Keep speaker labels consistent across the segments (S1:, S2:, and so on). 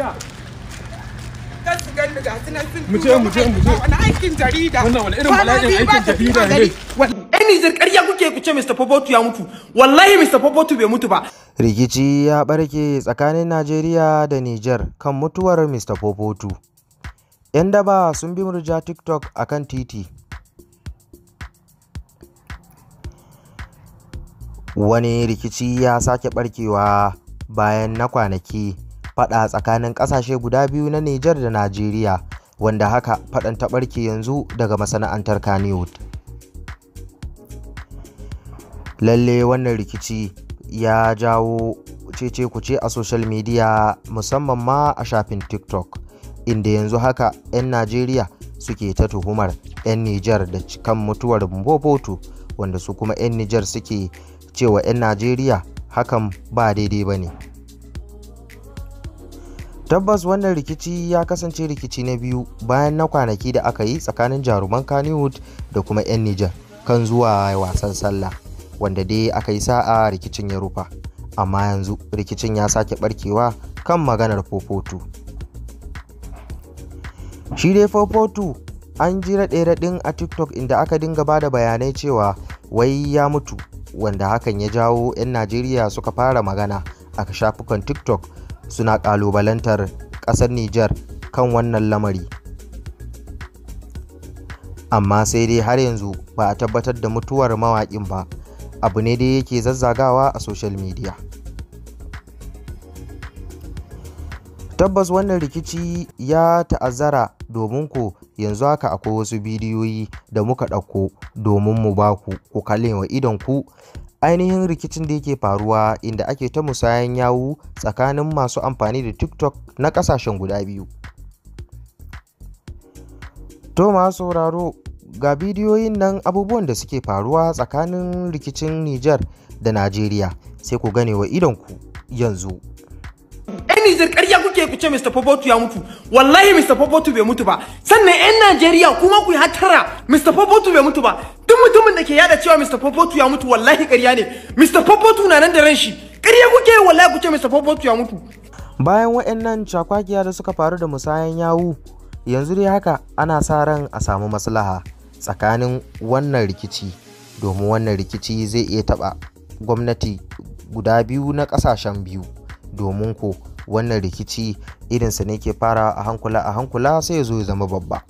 S1: ja kan su gani ga wani aikin jarida wannan wani irin bala'in aikin jarida ne Eni zir ƙarya kuke ku ce Mr. Popotu ya mutu wallahi Mr. Popotu bai mutu ba rikici ya barke tsakanin Najeriya da Niger kan mutuwar Mr. Popotu 'yan daba sun bi murja tiktok a kan titi wani rikici ya sake barkewa bayan na kwanaki fada tsakanin kasashe guda biyu na Nijar da Najeriya wanda haka fadan ta barke yanzu daga masana'antar Kannywood. Lalle wannan rikici ya jawo cece kuce a social media musamman ma a shafin TikTok inda yanzu haka 'yan Najeriya suke ta tuhumar 'yan Nijar da kan mutuwar Mbopoto wanda su kuma 'yan Nijar suke cewa 'yan Najeriya hakan ba daidai ba ne. tabbas wannan rikici ya kasance rikici na biyu bayan na kwanaki da aka yi tsakanin jaruman kannywood da kuma 'yan nijar kan zuwa wasan sallah wanda dai aka yi sa'a rikicin ya rufa amma yanzu rikicin ya sake barkewa kan maganar fofotu shi dai fofotu an ji raɗe-raɗin a tiktok inda aka dinga ba da bayanai cewa wai ya mutu wanda hakan ya jawo 'yan najeriya suka fara magana a shafukan tiktok suna ƙalubalantar ƙasar Nijar kan wannan lamari. Amma sai dai har yanzu ba a tabbatar da mutuwar mawaƙin ba, abu ne dai yake zazzagawa a social media. tabbas wannan rikici ya ta'azzara domin ku yanzu haka akwai wasu bidiyoyi da muka ɗauko domin mu ba ku ku kalle wa idon ku ainihin rikicin da yake faruwa inda ake ta musayan yawu tsakanin masu amfani da tiktok na kasashen guda biyu to sauraro ga bidiyoyin nan abubuwan da suke faruwa tsakanin rikicin niger da najeriya sai ku gane wa idonku yanzu 'yan Nijar ƙarya kuke ku ce Mr. Popotu ya mutu wallahi Mr. Popotu bai mutu ba sannan 'yan Najeriya kuma ku hatara Mr. Popotu bai mutu ba duk mutumin da ke yada cewa Mr. Popotu ya mutu wallahi ƙarya ne Mr. Popotu na nan da ran shi ƙarya kuke wallahi ku ce Mr. Popotu ya mutu bayan waɗannan cakwakiya da suka faru da musayan yawu yanzu dai haka ana sa ran a samu maslaha tsakanin wannan rikici domin wannan rikici zai iya taɓa gwamnati guda biyu na ƙasashen biyu domin ko wannan rikici irinsa ne ke fara a hankula a hankula sai ya zo ya zama babba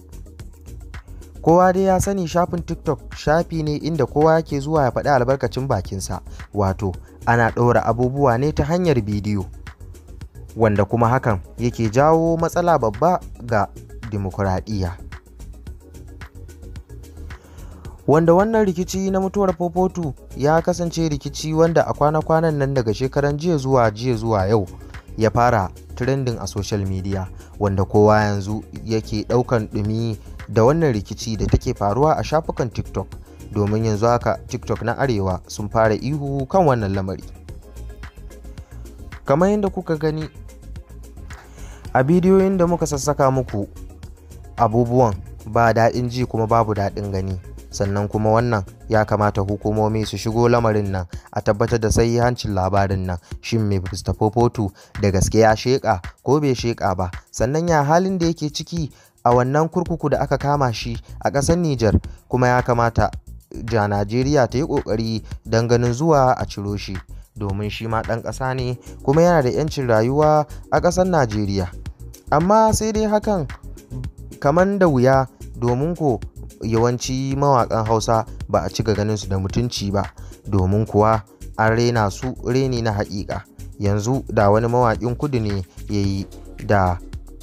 S1: kowa dai ya sani shafin tiktok shafi ne inda kowa yake zuwa ya faɗi albarkacin bakinsa wato ana ɗora abubuwa ne ta hanyar bidiyo wanda kuma hakan yake jawo matsala babba ga dimokuraɗiyya wanda wannan rikici na mutuwar popotu ya kasance rikici wanda a kwana-kwanan nan daga shekaran jiya zuwa jiya zuwa yau ya fara trending a social media wanda kowa yanzu yake ɗaukan ɗumi da wannan rikici da take faruwa a shafukan tiktok domin yanzu haka tiktok na arewa sun fara ihu kan wannan lamari kamar yadda kuka gani a bidiyoyin da muka sassaka muku abubuwan ba daɗin ji kuma babu daɗin gani sannan kuma wannan ya kamata hukumomi su shigo lamarin nan a tabbatar da sai hancin labarin nan shin mai Mr. Popoto da gaske ya sheka ko bai sheka ba sannan ya halin da yake ciki a wannan kurkuku da aka kama shi a ƙasar Niger, kuma ya kamata ja Najeriya ta yi ƙoƙari don ganin zuwa a ciro shi domin shi ma ɗan ƙasa ne kuma yana da 'yancin rayuwa a ƙasar Najeriya. Amma sai dai hakan kaman da wuya domin ko yawanci mawaƙan hausa ba a cika ganin su da mutunci ba domin kuwa an rena su reni na haƙiƙa yanzu da wani mawakin kudu ne ya yi da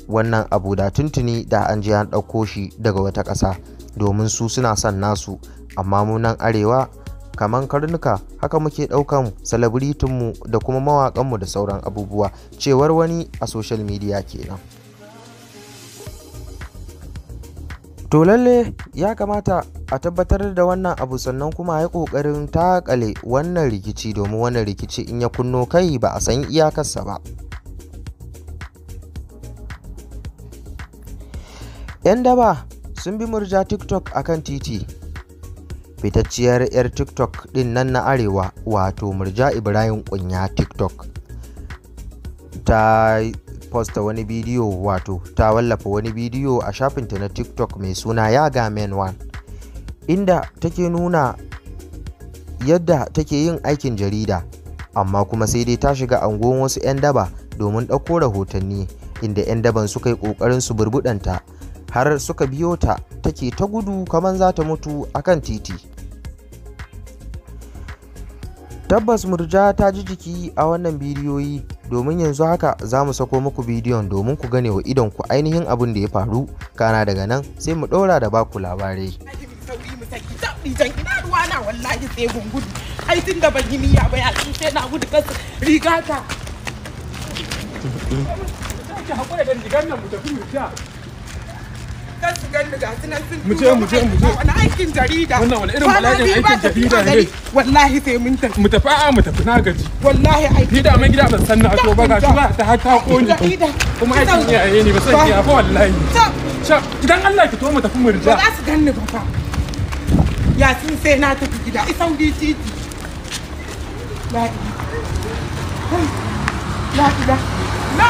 S1: wannan abu da tuntuni da an ji an ɗauko shi daga wata ƙasa domin su suna son nasu amma munan arewa Kamar karnuka haka muke ɗaukan salabritinmu da kuma mawaƙanmu da sauran abubuwa cewar wani a social media kenan. to lalle ya kamata a tabbatar da wannan abu sannan kuma ya kokarin takale wannan rikici domin wannan rikici in ya kunno kai ba a san iyakarsa ba 'yan daba sun bi murja tiktok a kan titi fitacciyar 'yar tiktok din nan na arewa wato murja ibrahim kunya tiktok ta posta wani bidiyo wato ta wallafa wani bidiyo a shafinta na tiktok mai suna ga man one inda take nuna yadda take yin aikin jarida amma kuma sai dai ta shiga angon wasu 'yan daba domin ɗauko rahotanni inda 'yan daban suka yi ƙoƙarin su burbuɗanta har suka biyo ta take ta gudu kamar za ta mutu akan titi tabbas murja ta ji jiki a wannan bidiyoyi domin yanzu haka za mu sako muku bidiyon domin ku gane wa idon ku ainihin abin da ya faru kana daga nan sai mu ɗora da baku labarai. su ganni ga sunan mu je mu je mu je wani aikin jarida wannan wani irin bala'in aikin jarida ne wallahi sai mun tafi mu tafi a mu tafi na gaji wallahi aikin jarida. da mai gida ban san na to ba ga ba ta har ta koni kuma aikin ya yi ne ba sai ya fa wallahi sha idan Allah ki to mu tafi mu rija ba za su ganni ba fa ya sun sai na tafi gida isan di titi la la la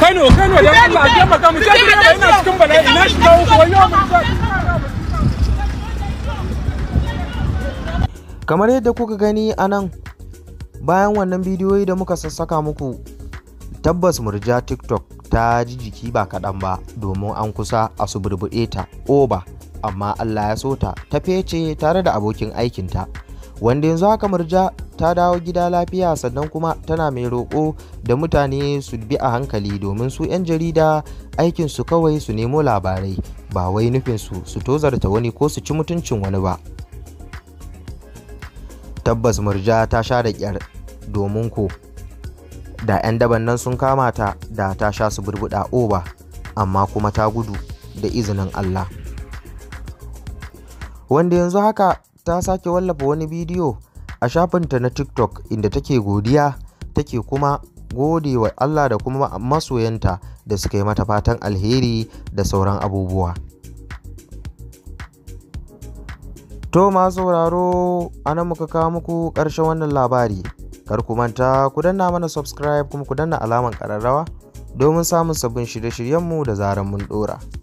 S1: Kano Kano dan Allah a taimaka mu je Kano ina cikin bala'i ina shiga uku wayo Kamar yadda kuka gani a nan bayan wannan bidiyoyi da muka sassaka muku tabbas murja TikTok ta ji jiki ba kaɗan ba domin an kusa a suburbuɗe ta oba amma Allah ya so ta ta fece tare da abokin aikinta wanda yanzu haka murja ta dawo gida lafiya sannan kuma tana mai roƙo da mutane su bi a hankali domin su 'yan jarida aikin su kawai su nemo labarai ba wai nufinsu su tozarta wani ko su ci mutuncin wani ba tabbas murja ta sha da kyar domin ko da 'yan daban nan sun kama ta da ta sha su burbuɗa oba amma kuma ta gudu da izinin Allah. Wanda yanzu haka ta sake wallafa wani bidiyo a shafinta na TikTok inda take godiya take kuma gode wa Allah da kuma masoyanta da suka yi mata fatan alheri da sauran abubuwa. To masu sauraro anan muka kawo muku ƙarshen wannan labari. Kar manta ku danna mana subscribe kuma ku danna alaman ƙararrawa domin samun sabbin shirye-shiryenmu da zaran mun ɗora.